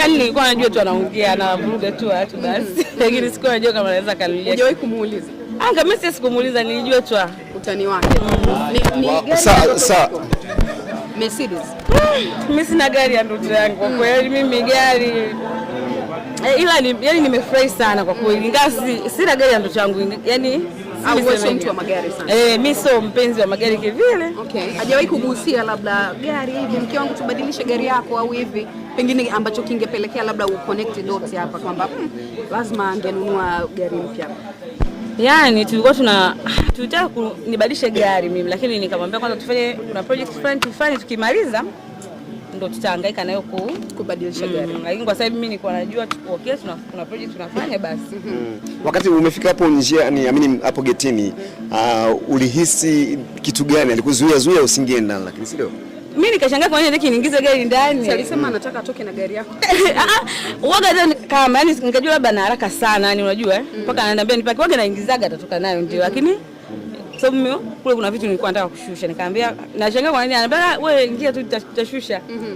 Yani nilikuwa najua tu anaongea anavuruga tu watu basi, lakini sikuwa najua kama anaweza kanulia. Hujawahi kumuuliza? Anga ah, mimi sikumuuliza, nilijua tu utani wake. Mm. Ni gani? Mercedes. Mimi sina gari ya ndoto yangu kwa kweli, mimi gari E, ila ni, yani nimefurahi sana kwa kweli, ingawa sina gari ya ndoto yangu, yani ah, sio mtu wa magari sana. Eh, mimi sio mpenzi wa magari kivile. Okay. Hajawahi kugusia labda gari hivi, mke wangu tubadilishe gari yako au hivi, pengine ambacho kingepelekea labda u connect dots hapa kwamba hmm, lazima angenunua gari mpya. Yani tulikuwa tuna tulitaka nibadilishe gari mimi, lakini nikamwambia kwanza tufanye kuna project fulani tufanye, tukimaliza ndo tutahangaika nayo ku kubadilisha mm, gari. Lakini kwa sababu mimi nilikuwa najua okay, tuna kuna project tunafanya basi. Mm. Wakati umefika hapo njia ni amini hapo getini, uh, ulihisi kitu gani alikuzuia zuia usingie ndani, lakini sio Mimi nikashangaa kwa nini niingize gari ndani. Alisema anataka atoke na gari yako. Ah, ah, Waga kama yani, ningejua labda na haraka sana, yani unajua eh? mm. mpaka mm. ananiambia nipaki, waga naingizaga atatoka nayo ndio, mm. lakini kwa sababu mimi kule kuna vitu nilikuwa nataka kushusha, nikamwambia nashangaa kwa nini, anambia ah, wewe ingia tu tutashusha. Mhm.